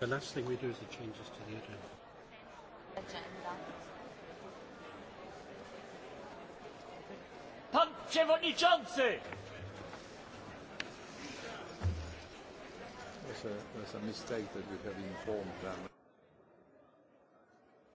The last thing we do is the changes to the agenda. Agenda. Pan Przewodniczący! There's a, there's a mistake that you have informed them.